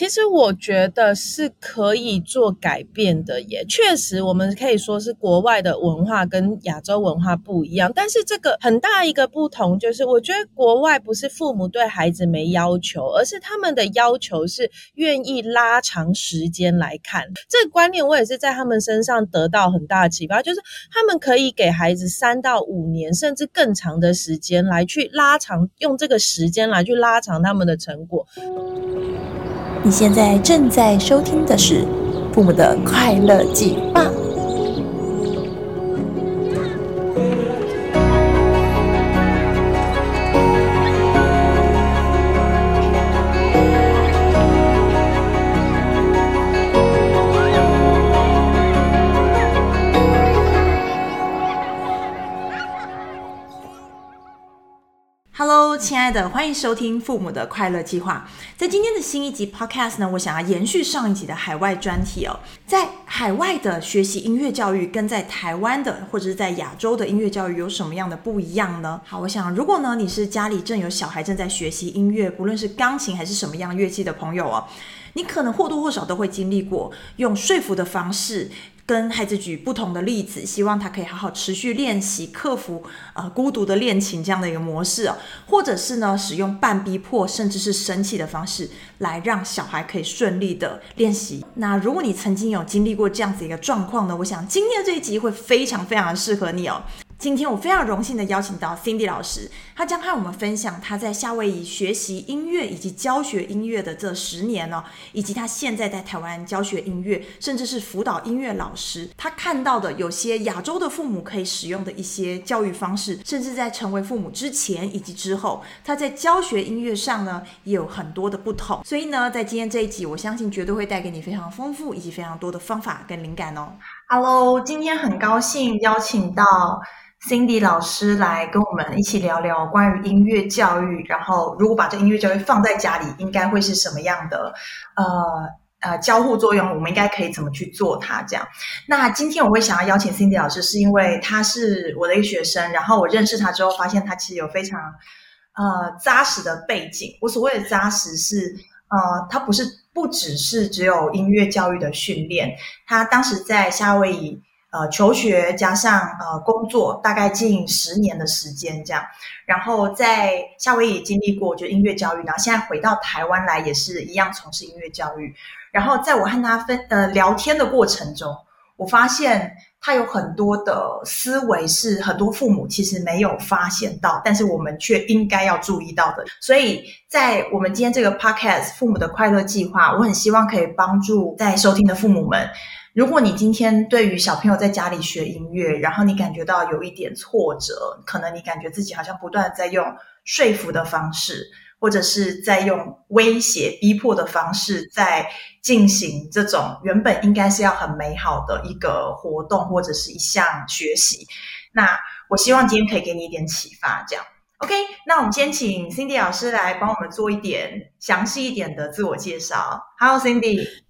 其實我覺得是可以做改變的耶，也確實，我們可以說是國外的文化跟亞洲文化不一樣。但是這個很大一個不同就是，我覺得國外不是父母對孩子沒要求，而是他們的要求是願意拉長時間來看。這個觀念我也是在他們身上得到很大的啟發，就是他們可以給孩子三到五年，甚至更長的時間來去拉長，用這個時間來去拉長他們的成果。你現在正在收聽的是《父母的快樂計劃》。親愛的，歡迎收聽《父母的快樂計劃》。在今天的新一集 Podcast 呢，我想要延續上一集的海外專題哦。在海外的學習音樂教育，跟在台灣的或者是在亞洲的音樂教育有什麼樣的不一樣呢？好，我想如果呢你是家裡正有小孩正在學習音樂，不論是鋼琴還是什麼樣樂器的朋友哦，你可能或多或少都會經歷過用說服的方式。跟孩子舉不同的例子，希望他可以好好持續練習，克服呃孤獨的練琴這樣的一個模式哦，或者是呢使用半逼迫甚至是生氣的方式，來讓小孩可以順利的練習。那如果你曾經有經歷過這樣子一個狀況呢，我想今天的這一集會非常非常的適合你哦。今天我非常榮幸地邀請到 Cindy 老師，她將和我們分享她在夏威夷學習音樂以及教學音樂的這十年呢、哦，以及她現在在台灣教學音樂，甚至是輔導音樂老師，她看到的有些亞洲的父母可以使用的一些教育方式，甚至在成為父母之前以及之後，她在教學音樂上呢也有很多的不同。所以呢，在今天這一集，我相信絕對會帶給你非常豐富以及非常多的方法跟靈感哦。Hello，今天很高興邀請到。Cindy 老師來跟我們一起聊聊關於音樂教育，然後如果把這音樂教育放在家裡，應該會是什麼樣的？呃呃，交互作用，我們應該可以怎麼去做它？這樣。那今天我會想要邀請 Cindy 老師，是因為她是我的一個學生，然後我認識她之後，發現她其實有非常呃紮實的背景。我所謂的紮實是，呃，她不是不只是只有音樂教育的訓練，她當時在夏威夷。呃，求學加上呃工作，大概近十年的時間這樣。然後在夏威夷經歷過就音樂教育，然後現在回到台灣來也是一樣從事音樂教育。然後在我和他分呃聊天的過程中，我發現他有很多的思維是很多父母其實沒有發現到，但是我們卻應該要注意到的。所以在我們今天這個 podcast《父母的快樂計劃》，我很希望可以幫助在收聽的父母們。如果你今天對於小朋友在家裡學音樂，然後你感覺到有一點挫折，可能你感覺自己好像不斷在用說服的方式，或者是在用威脅、逼迫的方式，在進行這種原本應該是要很美好的一個活動或者是一項學習。那我希望今天可以給你一點啟發。這樣，OK，那我們先請 Cindy 老師來幫我們做一點詳細一點的自我介紹。Hello，Cindy。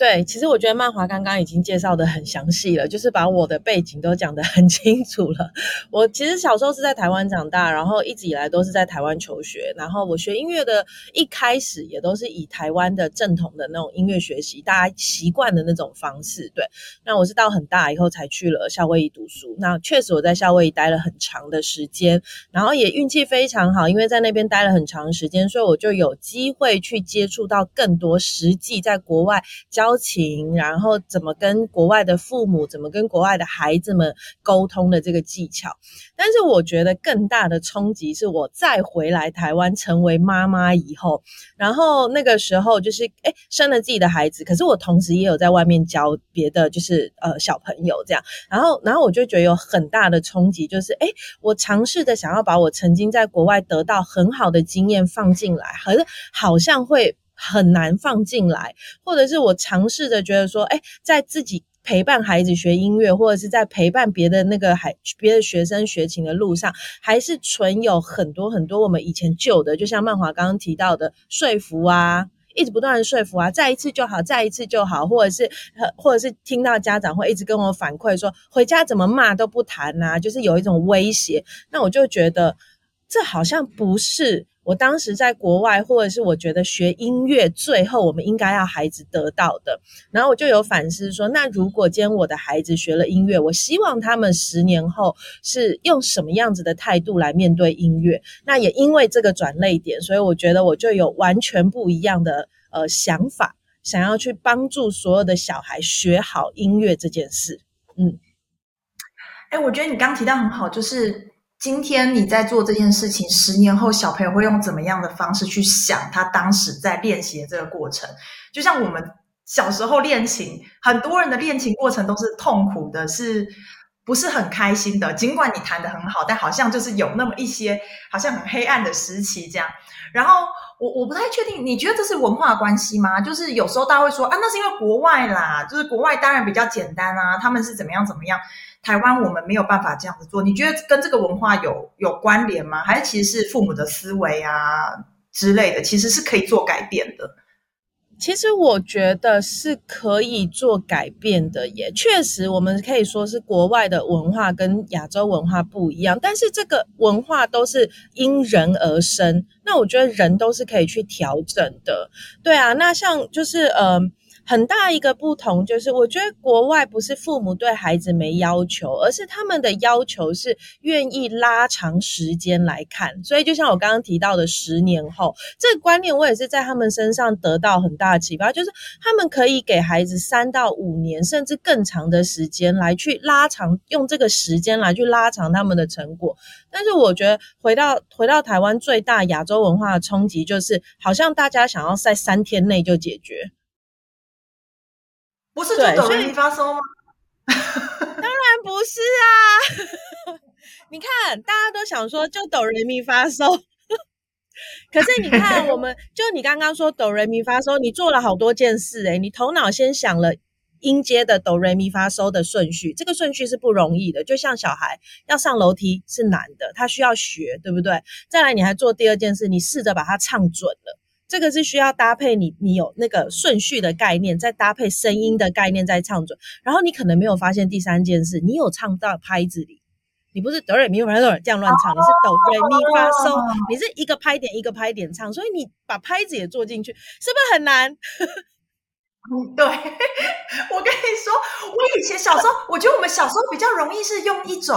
對，其實我覺得漫畫剛剛已經介紹的很詳細了，就是把我的背景都講得很清楚了。我其實小時候是在台灣長大，然後一直以來都是在台灣求學，然後我學音樂的一開始也都是以台灣的正統的那種音樂學習，大家習慣的那種方式。對，那我是到很大以後才去了夏威夷讀書。那確實我在夏威夷待了很長的時間，然後也運氣非常好，因為在那邊待了很長時間，所以我就有機會去接觸到更多實際在國外教，邀請，然後怎麼跟國外的父母，怎麼跟國外的孩子們溝通的這個技巧。但是我覺得更大的衝擊是我再回來台灣成為媽媽以後，然後那個時候就是哎，生了自己的孩子，可是我同時也有在外面教別的，就是呃小朋友這樣。然後，然後我就覺得有很大的衝擊，就是哎，我嘗試著想要把我曾經在國外得到很好的經驗放進來，好，好像會。很難放進來，或者是我嘗試着覺得說，哎、欸，在自己陪伴孩子學音樂，或者是在陪伴別的那個孩別的學生學琴的路上，還是存有很多很多我們以前舊的，就像曼華剛剛提到的說服啊，一直不斷的說服啊，再一次就好，再一次就好，或者是或者是聽到家長會一直跟我反饋說，回家怎麼罵都不彈啊，就是有一種威脅，那我就覺得這好像不是。我當時在國外，或者是我覺得學音樂，最後我們應該要孩子得到的。然後我就有反思說，那如果今天我的孩子學了音樂，我希望他們十年後是用什麼樣子的態度來面對音樂？那也因為這個轉捩點，所以我覺得我就有完全不一樣的呃想法，想要去幫助所有的小孩學好音樂這件事。嗯，哎、欸，我覺得你剛提到很好，就是。今天你在做這件事情，十年後小朋友會用怎麼樣的方式去想他當時在練習的這個過程？就像我們小時候練琴，很多人的練琴過程都是痛苦的，是不是很開心的？儘管你彈得很好，但好像就是有那麼一些，好像很黑暗的時期這樣。然後。我我不太確定，你覺得這是文化關係嗎？就是有時候大家會說啊，那是因為國外啦，就是國外當然比較簡單啦、啊，他們是怎麼樣怎麼樣，台灣我們沒有辦法這樣子做。你覺得跟這個文化有有關聯嗎？還是其實是父母的思維啊之類的，其實是可以做改變的。其實我覺得是可以做改變的耶，也確實，我們可以說是國外的文化跟亞洲文化不一樣，但是這個文化都是因人而生，那我覺得人都是可以去調整的，對啊，那像就是嗯。呃很大一個不同就是，我覺得國外不是父母對孩子沒要求，而是他們的要求是願意拉長時間來看。所以，就像我剛剛提到的，十年後這個觀念，我也是在他們身上得到很大的啟發，就是他們可以給孩子三到五年，甚至更長的時間來去拉長，用這個時間來去拉長他們的成果。但是，我覺得回到回到台灣，最大亞洲文化的衝擊就是，好像大家想要在三天內就解決。不是就哆來咪發嗦嗎？ 當然不是啊！ 你看，大家都想說就哆來咪發嗦，so、 可是你看，我們 就你剛剛說哆來咪發嗦，so, 你做了好多件事，欸。哎，你頭腦先想了音階的哆來咪發嗦的順序，這個順序是不容易的。就像小孩要上樓梯是難的，他需要學，對不對？再來，你還做第二件事，你試着把它唱準了。這個是需要搭配你，你有那個順序的概念，再搭配聲音的概念，再唱準。然後你可能沒有發現第三件事，你有唱到拍子裡，你不是哆來咪發來這樣亂唱，你、啊、是哆來咪發嗦，你是一個拍點一個拍點唱，所以你把拍子也做進去，是不是很難？對。我跟你說，我以前小時候，我覺得我們小時候比較容易是用一種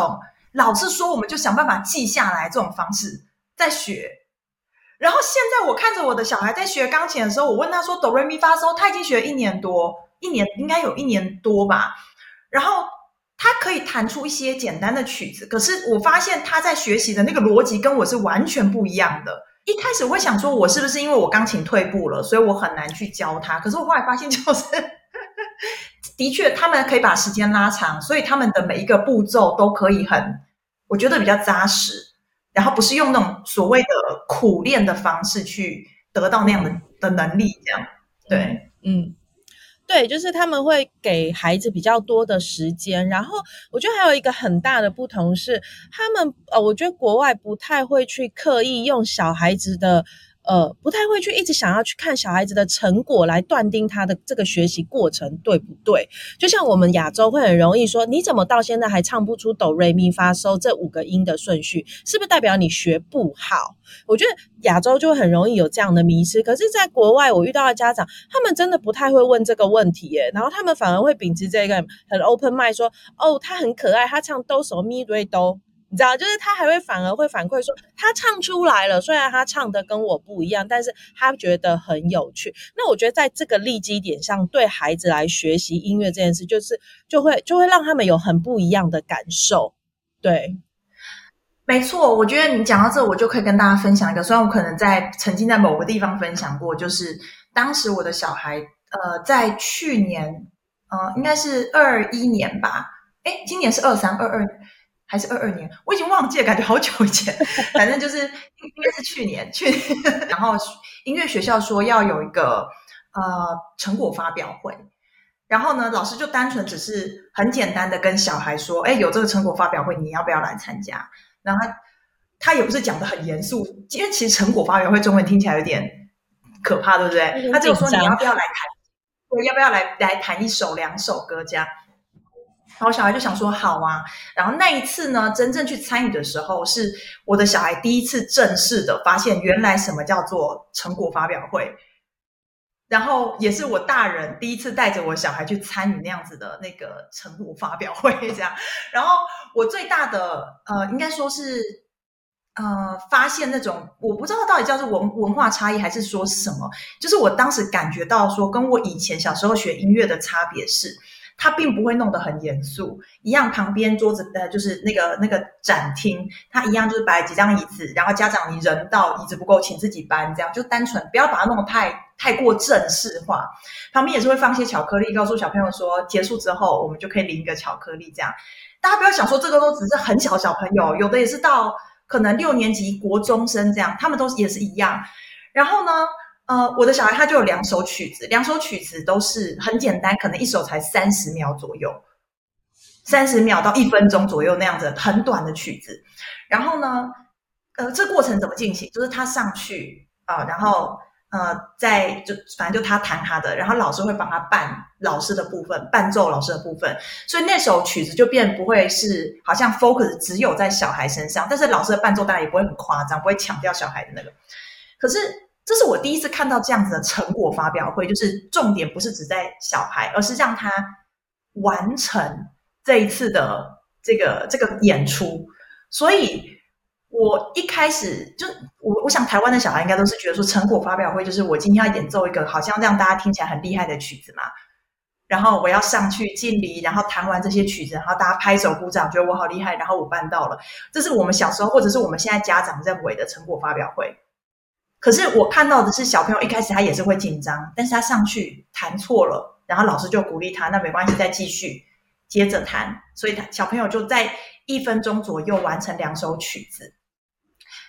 老師說我們就想辦法記下來這種方式在學。然後現在我看着我的小孩在學鋼琴的時候，我問他說哆瑞咪發嗦，他已經學了一年多，一年應該有一年多吧。然後他可以彈出一些簡單的曲子，可是我發現他在學習的那個邏輯跟我是完全不一樣的。一開始我會想說，我是不是因為我鋼琴退步了，所以我很難去教他？可是我後來發現，就是 的確，他們可以把時間拉長，所以他們的每一個步驟都可以很，我覺得比較扎實。然後不是用那種所謂的苦練的方式去得到那樣的能的能力，這樣，對，嗯，嗯，對，就是他們會給孩子比較多的時間。然後我覺得還有一個很大的不同是，他們，哦，我覺得國外不太會去刻意用小孩子的。呃，不太會去一直想要去看小孩子的成果來斷定他的這個學習過程對不對。就像我們亞洲會很容易說，你怎麼到現在還唱不出哆瑞咪發嗦這五個音的順序，是不是代表你學不好？我覺得亞洲就很容易有這樣的迷失。可是，在國外我遇到的家長，他們真的不太會問這個問題耶、欸，然後他們反而會秉持這個很 open mind，說，哦，他很可愛，他唱哆嗦咪瑞哆。Do, so, Mi, Re, 你知道，就是他還會反而會反饋說，他唱出來了，雖然他唱的跟我不一樣，但是他覺得很有趣。那我覺得在這個立基點上，對孩子來學習音樂這件事，就是，就是就會就會讓他們有很不一樣的感受。對，沒錯，我覺得你講到這，我就可以跟大家分享一個，雖然我可能在曾經在某個地方分享過，就是當時我的小孩，呃，在去年，呃，應該是二一年吧，誒，欸，今年是二三二二。還是二二年，我已經忘記了，感覺好久以前。反正就是應該 是去年，去年然後，音樂學校說要有一個呃成果發表會，然後呢，老師就單純只是很簡單地跟小孩說，哎，有這個成果發表會，你要不要來參加？然後他他也不是講得很嚴肅，因為其實成果發表會中文聽起來有點可怕，對不對？嗯、他就說你要不要來彈，嗯、要不要來彈，要不要來來彈一首兩首歌這樣。然後小孩就想說好啊，然後那一次呢，真正去參與的時候，是我的小孩第一次正式的發現，原來什麼叫做成果發表會，然後也是我大人第一次帶着我小孩去參與那樣子的那個成果發表會這樣。然後我最大的呃，應該說是呃，發現那種我不知道到底叫做文文化差異還是說是什麼，就是我當時感覺到說，跟我以前小時候學音樂的差別是。他並不會弄得很嚴肅，一樣旁邊桌子呃，就是那個那個展廳，他一樣就是擺幾張椅子，然後家長你人到椅子不夠，請自己搬，這樣就單純，不要把它弄得太太過正式化。旁邊也是會放些巧克力，告訴小朋友說結束之後我們就可以領一個巧克力，這樣大家不要想說這個都只是很小的小朋友，有的也是到可能六年級國中生這樣，他們都也是一樣。然後呢，呃，我的小孩他就有兩首曲子，兩首曲子都是很簡單，可能一首才三十秒左右，三十秒到一分鐘左右那樣子，很短的曲子。然後呢，呃，這過程怎麼進行？就是他上去啊，呃，然後呃，在就反正就他彈他的，然後老師會幫他伴老師的部分，伴奏老師的部分。所以那首曲子就變不會是好像 focus 只有在小孩身上，但是老師的伴奏當然也不會很誇張，不會搶掉小孩的那個。可是。這是我第一次看到這樣子的成果發表會，就是重點不是只在小孩，而是讓他完成這一次的這個這個演出。所以，我一開始就我我想台灣的小孩應該都是覺得說，成果發表會就是我今天要演奏一個好像讓大家聽起來很厲害的曲子嘛，然後我要上去敬禮，然後彈完這些曲子，然後大家拍手鼓掌，覺得我好厲害，然後我辦到了。這是我們小時候或者是我們現在家長認為的成果發表會。可是我看到的是，小朋友一開始他也是會緊張，但是他上去彈錯了，然後老師就鼓勵他，那沒關係，再繼續接着彈。所以他小朋友就在一分鐘左右完成兩首曲子，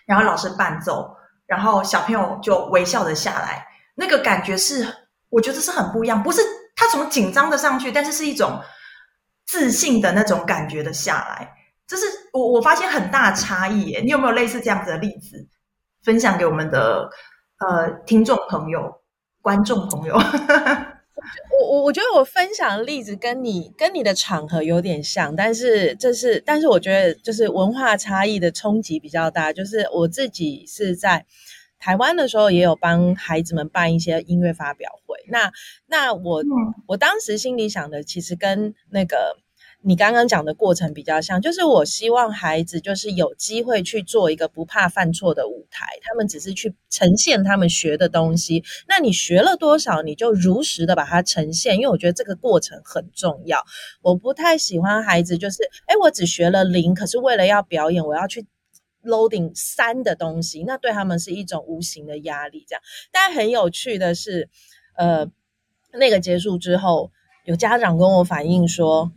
然後老師伴奏，然後小朋友就微笑着下來，那個感覺是，我覺得是很不一樣，不是他從緊張的上去，但是是一種自信的那種感覺的下來，這是我我發現很大的差異欸，你有沒有類似這樣子的例子？分享給我們的呃聽眾朋友、觀眾朋友，呵呵我我我覺得我分享的例子跟你跟你的場合有點像，但是這是但是我覺得就是文化差異的衝擊比較大。就是我自己是在台灣的時候，也有幫孩子們辦一些音樂發表會。那那我、嗯、我當時心裡想的，其實跟那個。你剛剛講的過程比較像，就是我希望孩子就是有機會去做一個不怕犯錯的舞台，他們只是去呈現他們學的東西。那你學了多少，你就如實的把它呈現，因為我覺得這個過程很重要。我不太喜歡孩子就是，誒，我只學了零，可是為了要表演，我要去 loading 三的東西，那對他們是一種無形的壓力。這樣，但很有趣的是，呃，那個結束之後，有家長跟我反映說。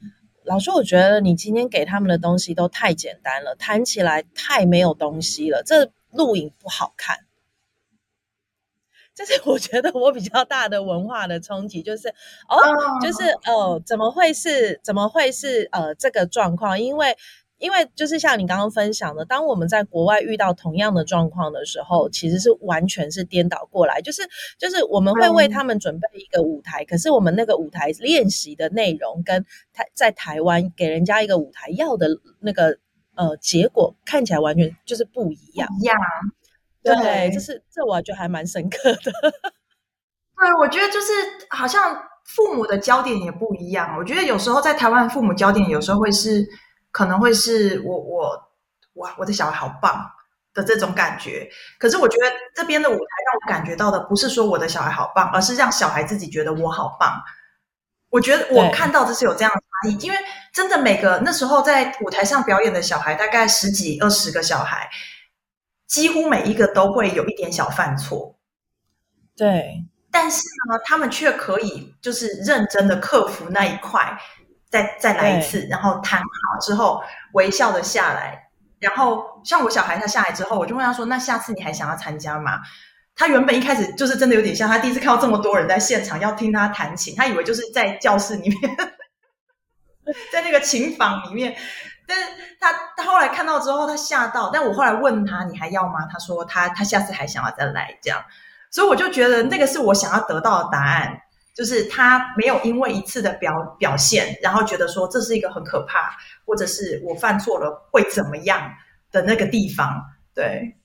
老師，我覺得你今天給他們的東西都太簡單了，談起來太沒有東西了，這錄影不好看。這是我覺得我比較大的文化的衝擊，就是哦，就是哦，怎麼會是，怎麼會是，呃，這個狀況？因為。因為就是像你剛剛分享的，當我們在國外遇到同樣的狀況的時候，其實是完全是顛倒過來，就是就是我們會為他們準備一個舞台，嗯，可是我們那個舞台練習的內容跟台在台灣給人家一個舞台要的那個呃結果看起來完全就是不一樣，一樣，對，對就是這我覺得還蠻深刻的。對我覺得就是好像父母的焦點也不一樣，我覺得有時候在台灣父母焦點有時候會是。可能會是我我哇我，我的小孩好棒的這種感覺，可是我覺得這邊的舞台讓我感覺到的不是說我的小孩好棒，而是讓小孩自己覺得我好棒。我覺得我看到的是有這樣的差異，對因為真的每個那時候在舞台上表演的小孩，大概十幾二十個小孩，幾乎每一個都會有一點小犯錯。對，但是呢，他們卻可以就是認真的克服那一塊。再再來一次，對然後彈好之後微笑的下來，然後像我小孩他下來之後，我就問他說：“那下次你還想要參加嗎？”他原本一開始就是真的有點像，他第一次看到這麼多人在現場要聽他彈琴，他以為就是在教室裡面， 在那個琴房裡面，但是他他後來看到之後他嚇到，但我後來問他：“你還要嗎？”他說他：“他他下次還想要再來這樣。”所以我就覺得那個是我想要得到的答案。就是他沒有因為一次的表表現，然後覺得說這是一個很可怕，或者是我犯錯了會怎麼樣的那個地方，對，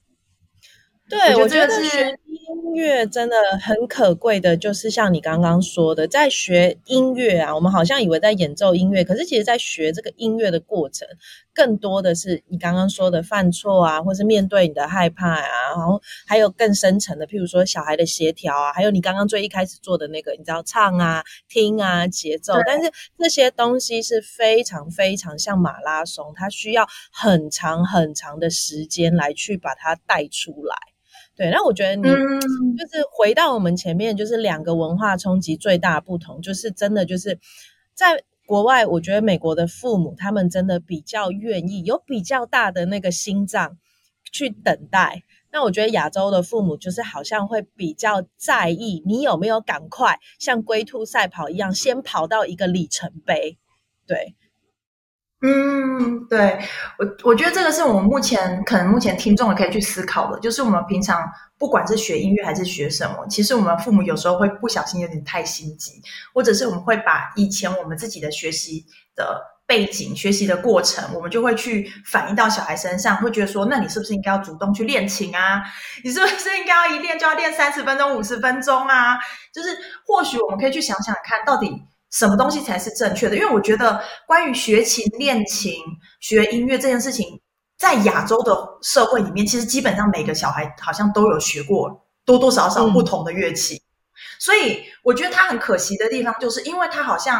對我覺得是。音樂真的很可貴的，就是像你剛剛說的，在學音樂啊，我們好像以為在演奏音樂，可是其實，在學這個音樂的過程，更多的是你剛剛說的犯錯啊，或是面對你的害怕啊，然後還有更深層的，譬如說小孩的協調啊，還有你剛剛最一開始做的那個，你知道唱啊、聽啊、節奏，對但是這些東西是非常非常像馬拉松，它需要很長很長的時間來去把它帶出來。對，那我覺得你、嗯、就是回到我們前面，就是兩個文化衝擊最大不同，就是真的就是在國外，我覺得美國的父母他們真的比較願意有比較大的那個心臟去等待。那我覺得亞洲的父母就是好像會比較在意你有沒有趕快像龜兔賽跑一樣，先跑到一個里程碑，對。嗯，對，我，我覺得這個是我們目前可能目前聽眾也可以去思考的，就是我們平常不管是學音樂還是學什麼，其實我們父母有時候會不小心有點太心急，或者是我們會把以前我們自己的學習的背景、學習的過程，我們就會去反映到小孩身上，會覺得說，那你是不是應該要主動去練琴啊？你是不是應該要一練就要練三十分鐘、五十分鐘啊？就是或許我們可以去想想看，到底。什麼東西才是正確的？因為我覺得，關於學琴、練琴、學音樂這件事情，在亞洲的社會裡面，其實基本上每個小孩好像都有學過多多少少不同的樂器。嗯、所以，我覺得它很可惜的地方，就是因為它好像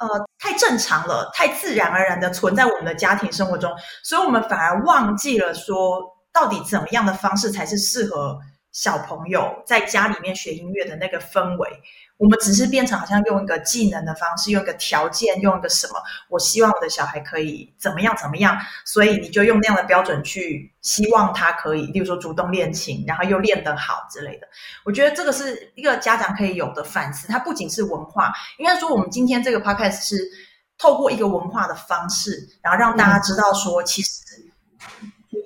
呃太正常了，太自然而然的存在我們的家庭生活中，所以我們反而忘記了說，到底怎麼樣的方式才是適合。小朋友在家裡面學音樂的那個氛圍，我們只是變成好像用一個技能的方式，用一個條件，用一個什麼？我希望我的小孩可以怎麼樣怎麼樣，所以你就用那樣的標準去希望他可以，例如說主動練琴，然後又練得好之類的。我覺得這個是一個家長可以有的反思，它不僅是文化。應該說，我們今天這個 Podcast 是透過一個文化的方式，然後讓大家知道說，其實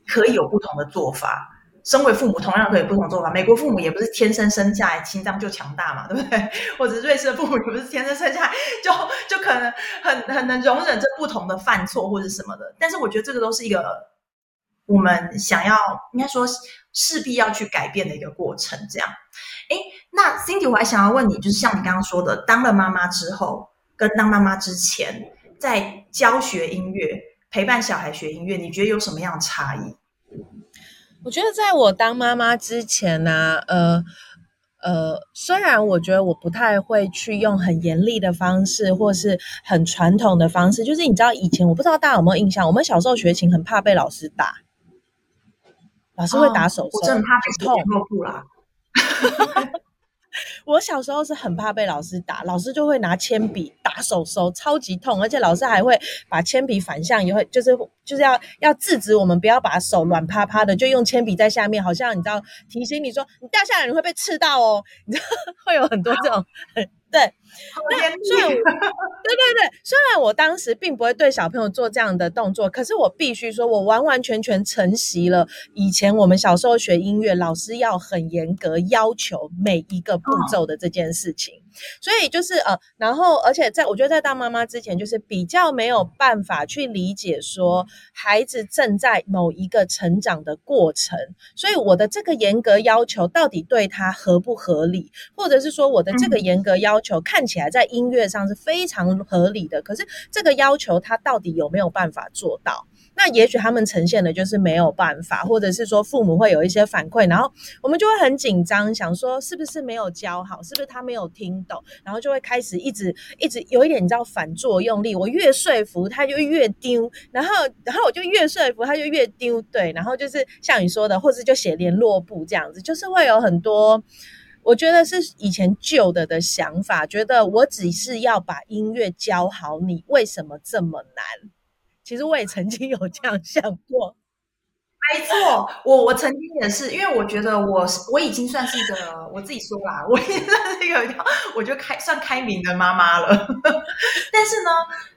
可以有不同的做法。身為父母，同樣可以不同做法。美國父母也不是天生生下來心臟就強大嘛，對不對？或者瑞士的父母也不是天生生下來就就可能很很能容忍這不同的犯錯或是什麼的。但是我覺得這個都是一個我們想要應該說勢必要去改變的一個過程。這樣，誒，那 Cindy，我還想要問你，就是像你剛剛說的，當了媽媽之後跟當媽媽之前在教學音樂、陪伴小孩學音樂，你覺得有什麼樣的差異？我覺得在我當媽媽之前呢、啊，呃，呃，雖然我覺得我不太會去用很嚴厲的方式，或是很傳統的方式，就是你知道以前我不知道大家有沒有印象，我們小時候學琴很怕被老師打，老師會打手、手、哦，我真的怕很痛。 我小時候是很怕被老師打，老師就會拿鉛筆打手手，超級痛，而且老師還會把鉛筆反向，也會就是就是要要制止我們不要把手軟趴趴的，就用鉛筆在下面，好像你知道提醒你說你掉下來你會被刺到哦，你知道會有很多這種很。對，對，雖然，對對對，雖然我當時並不會對小朋友做這樣的動作，可是我必須說，我完完全全承襲了以前我們小時候學音樂，老師要很嚴格要求每一個步驟的這件事情。嗯所以就是呃，然後而且在我覺得在當媽媽之前，就是比較沒有辦法去理解說孩子正在某一個成長的過程，所以我的這個嚴格要求到底對他合不合理，或者是說我的這個嚴格要求看起來在音樂上是非常合理的，可是這個要求他到底有沒有辦法做到？那也許他們呈現的就是沒有辦法，或者是說父母會有一些反饋，然後我們就會很緊張，想說是不是沒有教好，是不是他沒有聽懂，然後就會開始一直一直有一點你知道反作用力，我越說服他就越丟，然後然後我就越說服他就越丟，對，然後就是像你說的，或者就寫聯絡簿這樣子，就是會有很多，我覺得是以前舊的的想法，覺得我只是要把音樂教好，你為什麼這麼難？其實我也曾經有這樣想過，沒錯，我我曾經也是，因為我覺得我我已經算是一個，我自己說啦，我已經算是一個，我就開，算開明的媽媽了。 但是呢，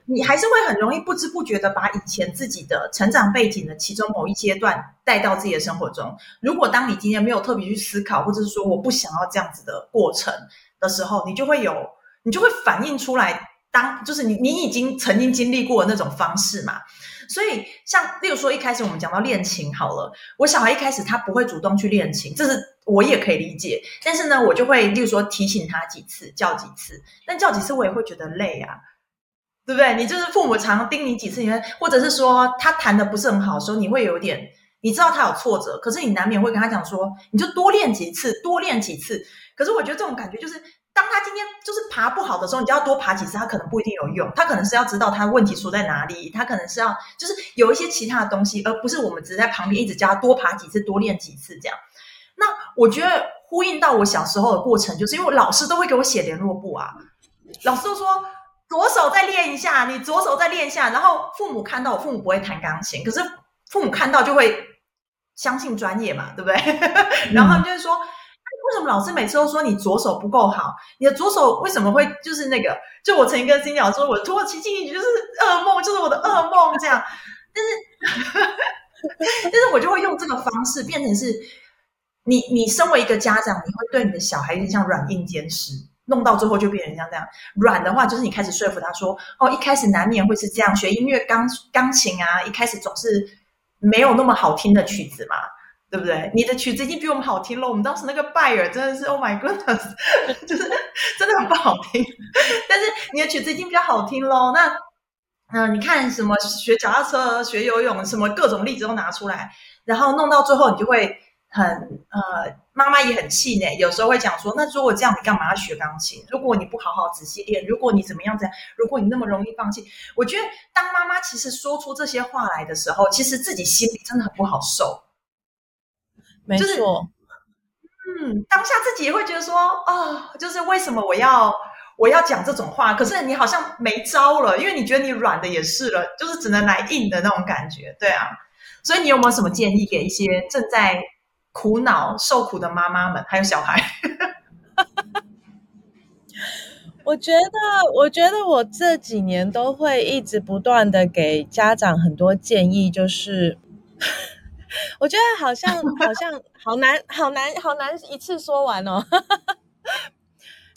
你還是會很容易不知不覺的把以前自己的成長背景的其中某一階段帶到自己的生活中。如果當你今天沒有特別去思考，或者是說我不想要這樣子的過程的時候，你就會有，你就會反映出來。當就是你，你已經曾經經歷過的那種方式嘛，所以像例如說一開始我們講到練琴好了，我小孩一開始他不會主動去練琴，這是我也可以理解。但是呢，我就會例如說提醒他幾次，叫幾次，但叫幾次我也會覺得累啊，對不對？你就是父母常常盯你幾次，你會或者是說他彈的不是很好的時候，你會有點你知道他有挫折，可是你難免會跟他講說，你就多練幾次，多練幾次。可是我覺得這種感覺就是。當他今天就是爬不好的時候，你就要多爬幾次，他可能不一定有用，他可能是要知道他問題出在哪裡，他可能是要就是有一些其他的東西，而不是我們只是在旁邊一直教他多爬幾次，多練幾次這樣。那我覺得呼應到我小時候的過程，就是因為老師都會給我寫聯絡簿啊，老師都說左手再練一下，你左手再練一下，然後父母看到，父母不會彈鋼琴，可是父母看到就會相信專業嘛，對不對？嗯、 然後他們就是說。為什麼老師每次都說你左手不夠好？你的左手為什麼會就是那個？就我曾經跟心鳥說，我拖琴一去就是噩夢，就是我的噩夢這樣。但是呵呵但是，我就會用這個方式變成是，你你身為一個家長，你會對你的小孩有點像軟硬兼施，弄到最後就變成像這樣。軟的話就是你開始說服他說，哦，一開始難免會是這樣。學音樂鋼鋼琴啊，一開始總是沒有那麼好聽的曲子嘛。對不對？你的曲子已經比我們好聽了。我們當時那個拜爾真的是，Oh my goodness，就是真的很不好聽。但是你的曲子已經比較好聽了。那，嗯、呃，你看什麼學腳踏車、學游泳什麼各種例子都拿出來，然後弄到最後，你就會很呃，媽媽也很氣餒。有時候會講說，那如果這樣，你幹嘛學鋼琴？如果你不好好仔細練，如果你怎麼樣怎樣，如果你那麼容易放棄，我覺得當媽媽其實說出這些話來的時候，其實自己心裡真的很不好受。就是嗯，當下自己也會覺得說，啊、哦，就是為什麼我要我要講這種話？可是你好像沒招了，因為你覺得你軟的也是了，就是只能來硬的那種感覺，對啊。所以你有沒有什麼建議給一些正在苦惱受苦的媽媽們，還有小孩？ 我覺得，我覺得我這幾年都會一直不斷地給家長很多建議，就是。 我覺得好像好像好難 好難好難一次說完哦。哈哈哈。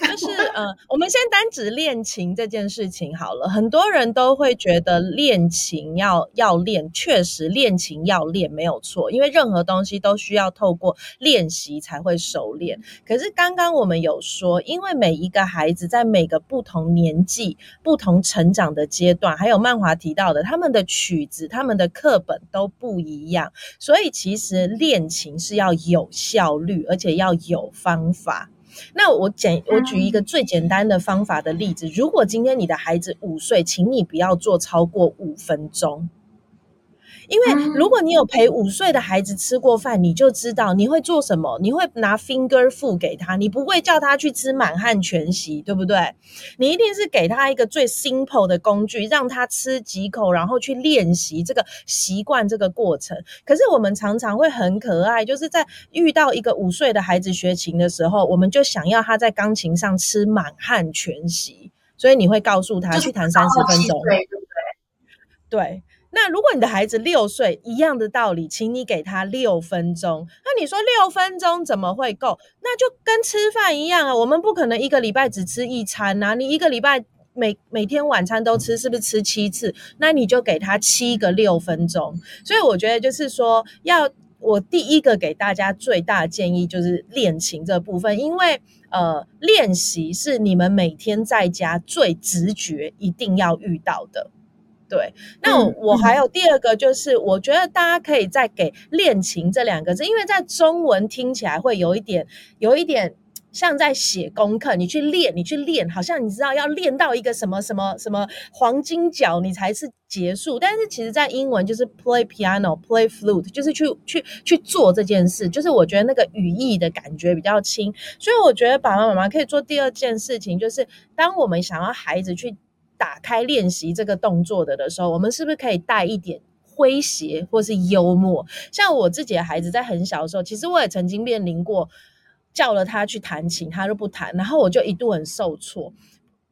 就是呃，我們先單指練琴這件事情好了。很多人都會覺得練琴要要練，確實練琴要練沒有錯，因為任何東西都需要透過練習才會熟練。可是剛剛我們有說，因為每一個孩子在每個不同年紀、不同成長的階段，還有曼華提到的，他們的曲子、他們的課本都不一樣，所以其實練琴是要有效率，而且要有方法。那我簡，我舉一個最簡單的方法的例子。如果今天你的孩子五歲，請你不要做超過五分鐘。因為如果你有陪五歲的孩子吃過飯，嗯、你就知道你會做什麼，你會拿 finger food 給他，你不會叫他去吃滿漢全席，對不對？你一定是給他一個最 simple 的工具，讓他吃幾口，然後去練習這個習慣這個過程。可是我們常常會很可愛，就是在遇到一個五歲的孩子學琴的時候，我們就想要他在鋼琴上吃滿漢全席，所以你會告訴他去彈三十分鐘，對不對？對。那如果你的孩子六歲，一樣的道理，請你給他六分鐘。那你說六分鐘怎麼會夠？那就跟吃飯一樣啊，我們不可能一個禮拜只吃一餐啊。你一個禮拜每每天晚餐都吃，是不是吃七次？那你就給他七個六分鐘。所以我覺得就是說，要我第一個給大家最大建議就是練琴這部分，因為呃，練習是你們每天在家最直覺一定要遇到的。對，那我還有第二個，就是我覺得大家可以再給“練琴”這兩個字，嗯嗯、因為在中文聽起來會有一點，有一點像在寫功課，你去練，你去練，好像你知道要練到一個什麼什麼什麼黃金角，你才是結束。但是其實，在英文就是 play piano，play flute，就是去去去做這件事，就是我覺得那個語義的感覺比較輕。所以我覺得爸爸媽，媽媽可以做第二件事情，就是當我們想要孩子去。打開練習這個動作的的時候，我們是不是可以帶一點詼諧或是幽默？像我自己的孩子在很小的時候，其實我也曾經面臨過，叫了他去彈琴，他都不彈，然後我就一度很受挫，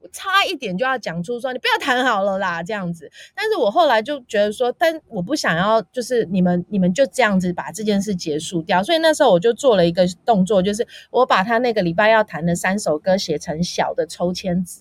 我差一點就要講出說你不要彈好了啦這樣子。但是我後來就覺得說，但我不想要，就是你們你們就這樣子把這件事結束掉。所以那時候我就做了一個動作，就是我把他那個禮拜要彈的三首歌寫成小的抽籤紙。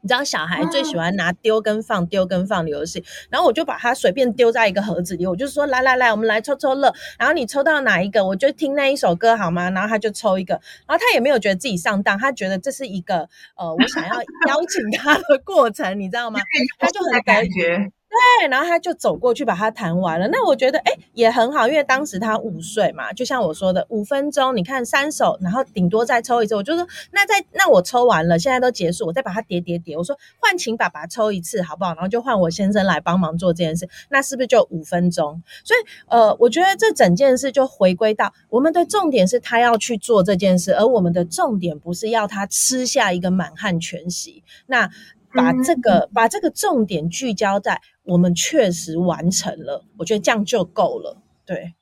你知道小孩最喜歡拿丟跟放丟跟放的遊戲，然後我就把他隨便丟在一個盒子裡，我就說來來來，我們來抽抽樂，然後你抽到哪一個，我就聽那一首歌好嗎？然後他就抽一個，然後他也沒有覺得自己上當，他覺得這是一個呃，我想要邀請他的過程， 你知道嗎？他就很感覺。對，然後他就走過去把它彈完了。那我覺得，誒也很好，因為當時他五歲嘛，就像我說的，五分鐘，你看三首，然後頂多再抽一次。我就說，那再那我抽完了，現在都結束，我再把它疊疊疊。我說，換請爸爸抽一次好不好？然後就換我先生來幫忙做這件事。那是不是就五分鐘？所以，呃，我覺得這整件事就回歸到我們的重點是，他要去做這件事，而我們的重點不是要他吃下一個滿漢全席。那。把這個、mm hmm. 把這個重點聚焦在我們確實完成了，我覺得這樣就夠了，對。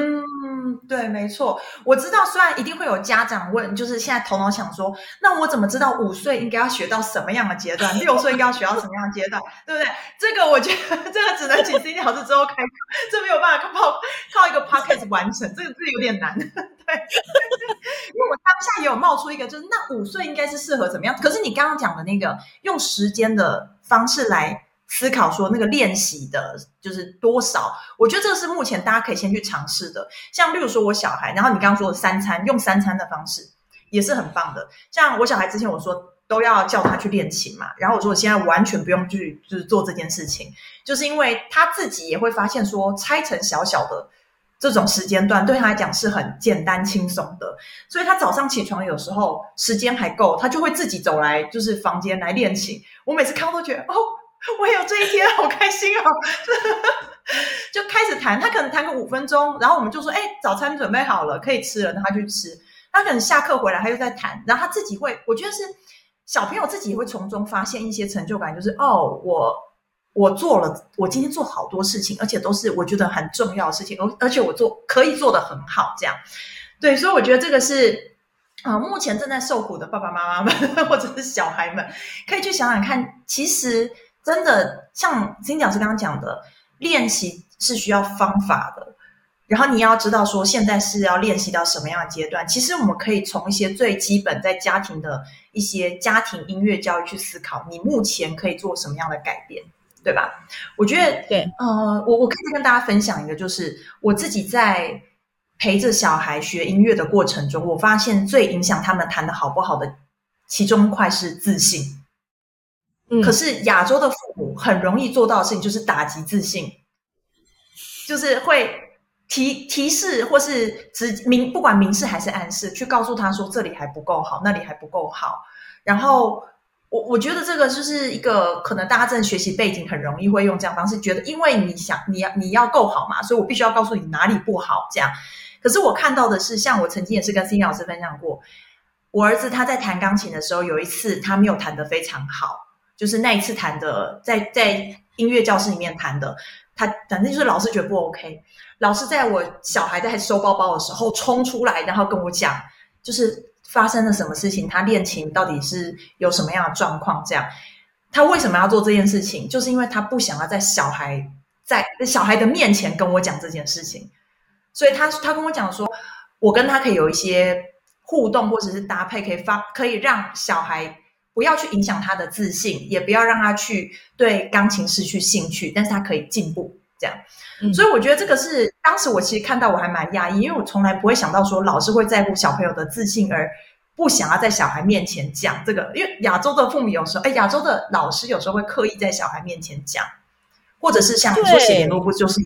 嗯，對，沒錯，我知道。雖然一定會有家長問，就是現在頭腦想說，那我怎麼知道五歲應該要學到什麼樣的階段，六歲應該要學到什麼樣的階段， 對不對？這個我覺得，這個只能幾十年考試之後開，這沒有辦法靠靠一個 podcast 完成， 這個這個有點難。對， 因為我當下也有冒出一個，就是那五歲應該是適合怎麼樣？可是你剛剛講的那個用時間的方式來。思考說那個練習的就是多少，我覺得這是目前大家可以先去嘗試的。像，例如說我小孩，然後你剛剛說的三餐用三餐的方式，也是很棒的。像我小孩之前我說都要叫他去練琴嘛，然後我說我現在完全不用去就是做這件事情，就是因為他自己也會發現說拆成小小的這種時間段對他來講是很簡單輕鬆的，所以他早上起床有時候時間還夠，他就會自己走來就是房間來練琴。我每次看到都覺得哦。我也有這一天，好開心哦！ 就開始彈，他可能彈個五分鐘，然後我們就說：“哎、欸，早餐準備好了，可以吃了。”他去吃，他可能下課回來他又在彈，然後他自己會，我覺得是小朋友自己也會從中發現一些成就感，就是哦，我我做了，我今天做好多事情，而且都是我覺得很重要的事情，而而且我做可以做得很好，這樣對，所以我覺得這個是啊、呃，目前正在受苦的爸爸媽媽們或者是小孩們，可以去想想看，其實。真的像 Cindy 老師剛剛講的，練習是需要方法的，然後你要知道說現在是要練習到什麼樣的階段。其實我們可以從一些最基本在家庭的一些家庭音樂教育去思考，你目前可以做什麼樣的改變，對吧？我覺得對，呃，我我可以跟大家分享一個，就是我自己在陪着小孩學音樂的過程中，我發現最影響他們彈的好不好的其中一塊是自信。可是亞洲的父母很容易做到的事情，就是打擊自信，嗯、就是會提提示或是直明，不管明示還是暗示，去告訴他說，這裡還不夠好，那裡還不夠好。然後我我覺得這個就是一個可能大家真的學習背景很容易會用這樣方式，覺得因為你想你，你要你要夠好嘛，所以我必須要告訴你哪裡不好這樣。可是我看到的是，像我曾經也是跟 Cindy 老師分享過，我兒子他在彈鋼琴的時候，有一次他沒有彈得非常好。就是那一次彈的，在在音樂教室裡面彈的，他反正就是老師覺得不 OK，老師在我小孩在收包包的時候衝出來，然後跟我講，就是發生了什麼事情，他練琴到底是有什麼樣的狀況？這樣，他為什麼要做這件事情？就是因為他不想要在小孩在小孩的面前跟我講這件事情，所以他他跟我講說，我跟他可以有一些互動或者是搭配，可以發可以讓小孩。不要去影響他的自信，也不要讓他去對鋼琴失去興趣，但是他可以進步，這樣。嗯、所以我覺得這個是當時我其實看到我還蠻訝異，因為我從來不會想到說老師會在乎小朋友的自信，而不想要在小孩面前講這個。因為亞洲的父母有時候，哎、欸，亞洲的老師有時候會刻意在小孩面前講，或者是像做寫寫樂不就是？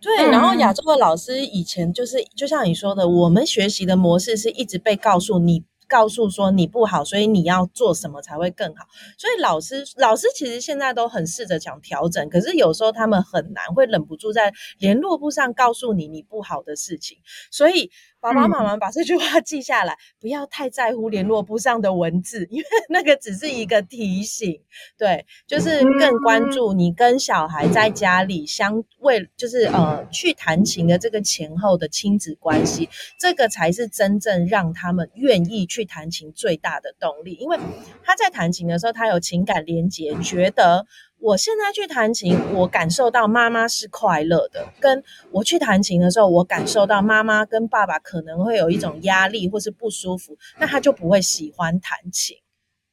對，嗯、對，然後亞洲的老師以前就是，就像你說的，我們學習的模式是一直被告訴你。告訴說你不好，所以你要做什麼才會更好？所以老師老師其實現在都很試着想調整，可是有時候他們很難會忍不住在聯絡簿上告訴你你不好的事情。所以爸爸媽媽把這句話記下來，嗯、不要太在乎聯絡簿上的文字，因為那個只是一個提醒。對，就是更關注你跟小孩在家裡相為，就是呃去彈琴的這個前後的親子關係，這個才是真正讓他們願意去。去彈琴最大的動力，因為他在彈琴的時候，他有情感連接，覺得我現在去彈琴，我感受到媽媽是快樂的；跟我去彈琴的時候，我感受到媽媽跟爸爸可能會有一種壓力或是不舒服，那他就不會喜歡彈琴。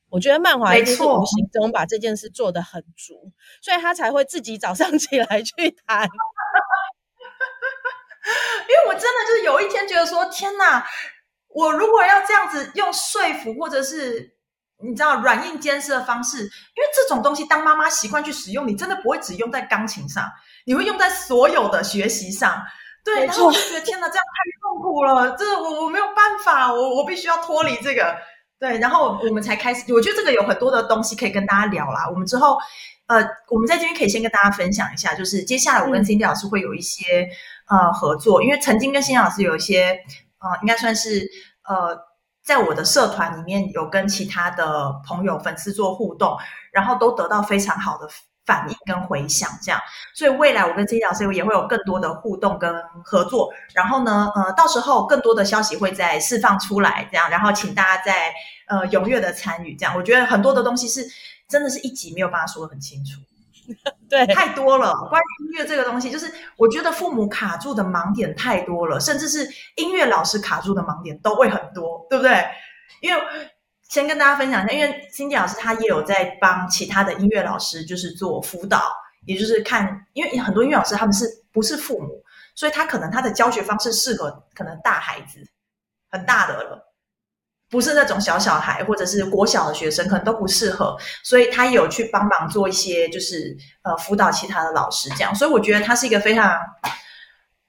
我覺得曼華一次無形中把這件事做得很足，所以他才會自己早上起來去彈。沒錯。 因為我真的就是有一天覺得說，天哪！我如果要這樣子用說服，或者是你知道軟硬兼施的方式，因為這種東西當媽媽習慣去使用，你真的不會只用在鋼琴上，你會用在所有的學習上。對，然後我就覺得沒錯 天吶，這樣太痛苦了，這我我沒有辦法，我我必須要脫離這個。對，然後我們才開始，我覺得這個有很多的東西可以跟大家聊啦。我們之後，呃，我們在這邊可以先跟大家分享一下，就是接下來我跟 Cindy 老師會有一些、嗯、呃合作，因為曾經跟 Cindy 老師有一些呃，應該算是。呃，在我的社團裡面有跟其他的朋友、粉絲做互動，然後都得到非常好的反應跟回響，這樣。所以未來我跟 Cindy 老師也會有更多的互動跟合作。然後呢，呃，到時候更多的消息會再釋放出來，這樣。然後請大家再呃踴躍的參與，這樣。我覺得很多的東西是真的是一集沒有辦法說的很清楚。 對，太多了。關於音樂這個東西，就是我覺得父母卡住的盲點太多了，甚至是音樂老師卡住的盲點都會很多，對不對？因為先跟大家分享一下，因為 Cindy 老師她也有在幫其他的音樂老師，就是做輔導，也就是看，因為很多音樂老師他們是不是父母，所以他可能他的教學方式適合可能大孩子，很大的了。不是那種小小孩或者是國小的學生，可能都不適合，所以他有去幫忙做一些，就是呃輔導其他的老師這樣，所以我覺得他是一個非常，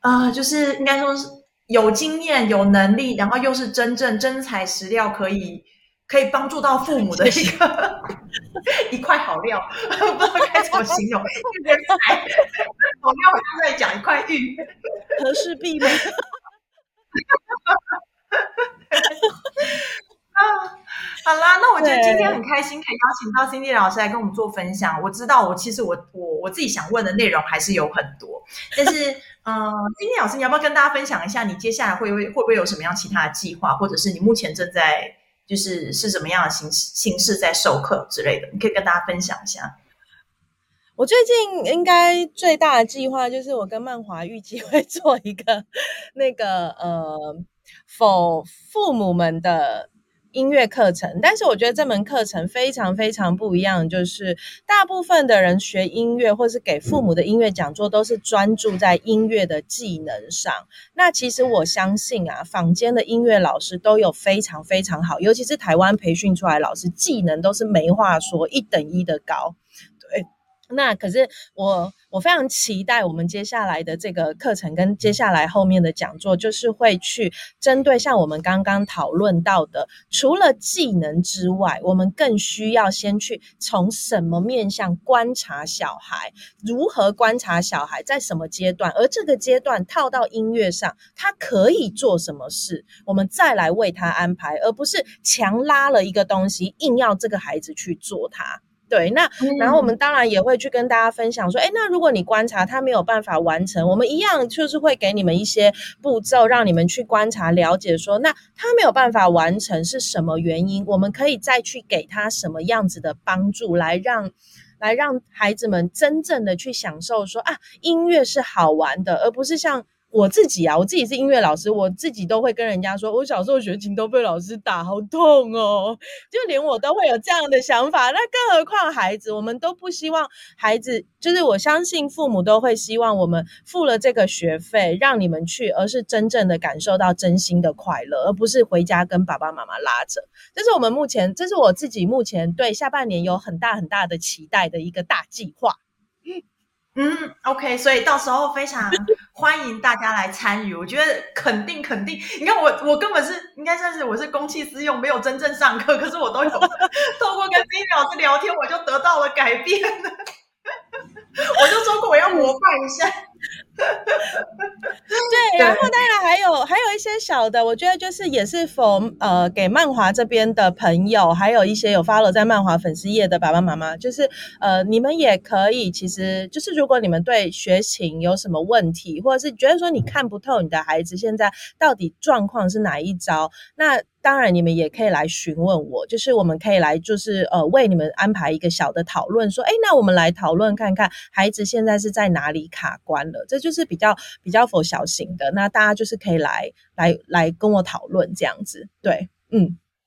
啊、呃，就是應該說是有經驗、有能力，然後又是真正真材實料，可以可以幫助到父母的一個，一，個 一塊好料， 不知道該怎麼形容人 才，好像我剛才講一塊玉，和氏璧呢？ 啊、好啦，那我覺得今天很開心，可以邀請到 Cindy 老師來跟我們做分享。我知道，我其實我我我自己想問的內容還是有很多，但是呃 ，Cindy 老師，你要不要跟大家分享一下，你接下來會會會不會有什麼樣其他的計劃，或者是你目前正在就是是什麼樣的形形式在授課之類的？你可以跟大家分享一下。我最近應該最大的計劃就是我跟曼華預計會做一個那個呃。For，父母們的音樂課程，但是我覺得這門課程非常非常不一樣，就是大部分的人學音樂，或是給父母的音樂講座，都是專注在音樂的技能上。那其實我相信啊，坊間的音樂老師都有非常非常好，尤其是台灣培訓出來老師，技能都是沒話說，一等一的高。那可是我我非常期待我們接下來的這個課程跟接下來後面的講座，就是會去針對像我們剛剛討論到的，除了技能之外，我們更需要先去從什麼面向觀察小孩，如何觀察小孩在什麼階段，而這個階段套到音樂上，他可以做什麼事，我們再來為他安排，而不是強拉了一個東西，硬要這個孩子去做他。對，那、嗯、然後我們當然也會去跟大家分享說，誒，那如果你觀察他沒有辦法完成，我們一樣就是會給你們一些步驟，讓你們去觀察了解說，那他沒有辦法完成是什麼原因，我們可以再去給他什麼樣子的幫助，來讓來讓孩子們真正的去享受說啊，音樂是好玩的，而不是像。我自己啊，我自己是音樂老師，我自己都會跟人家說，我小時候學琴都被老師打，好痛哦，就連我都會有這樣的想法，那更何況孩子？我們都不希望孩子，就是我相信父母都會希望我們付了這個學費，讓你們去，而是真正的感受到真心的快樂，而不是回家跟爸爸媽媽拉扯。這是我們目前，這是我自己目前對下半年有很大很大的期待的一個大計劃。嗯，OK，所以到時候非常歡迎大家來參與。我覺得肯定肯定，你看我我根本是應該算是我是公器私用，沒有真正上課，可是我都有 透過跟金老師聊天，我就得到了改變了。 我就說過我要膜拜一下。 對，然後當然還有對還有一些小的，我覺得就是也是 for 呃給漫華這邊的朋友，還有一些有 follow 在漫華粉絲頁的爸爸媽媽，就是呃你們也可以，其實就是如果你們對學琴有什麼問題，或者是覺得說你看不透你的孩子現在到底狀況是哪一招，那當然你們也可以來詢問我，就是我們可以來就是呃為你們安排一個小的討論，說哎那我們來討論看看孩子現在是在哪裡卡關了，這就。就是比較比較否小型的，那大家就是可以來來來跟我討論這樣子，對，嗯，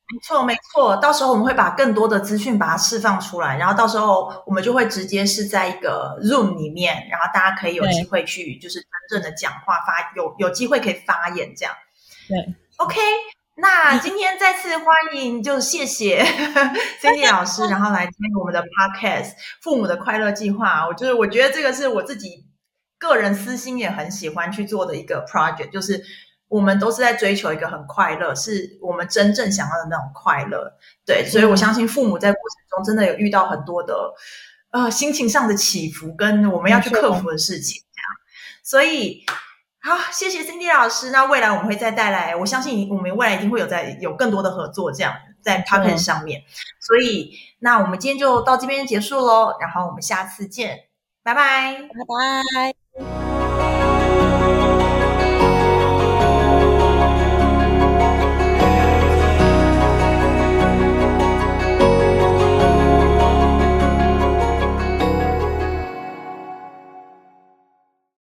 沒錯沒錯，到時候我們會把更多的資訊把它釋放出來，然後到時候我們就會直接是在一個 Zoom 裡面，然後大家可以有機會去就是真正的講話發對有有機會可以發言這樣，對，OK，那今天再次歡迎， 就謝謝 Cindy 老師，然後來聽我們的 Podcast《 父母的快樂計劃》，我就是我覺得這個是我自己。個人私心也很喜歡去做的一個 project，就是我們都是在追求一個很快樂，是我們真正想要的那種快樂。對，嗯、所以我相信父母在過程中真的有遇到很多的呃心情上的起伏，跟我們要去克服的事情。沒錯。這樣，所以好，謝謝 Cindy 老師。那未來我們會再帶來，我相信我們未來一定會有在有更多的合作，這樣在 Parker 上面。嗯、所以那我們今天就到這邊結束嘍，然後我們下次見，拜拜，拜拜。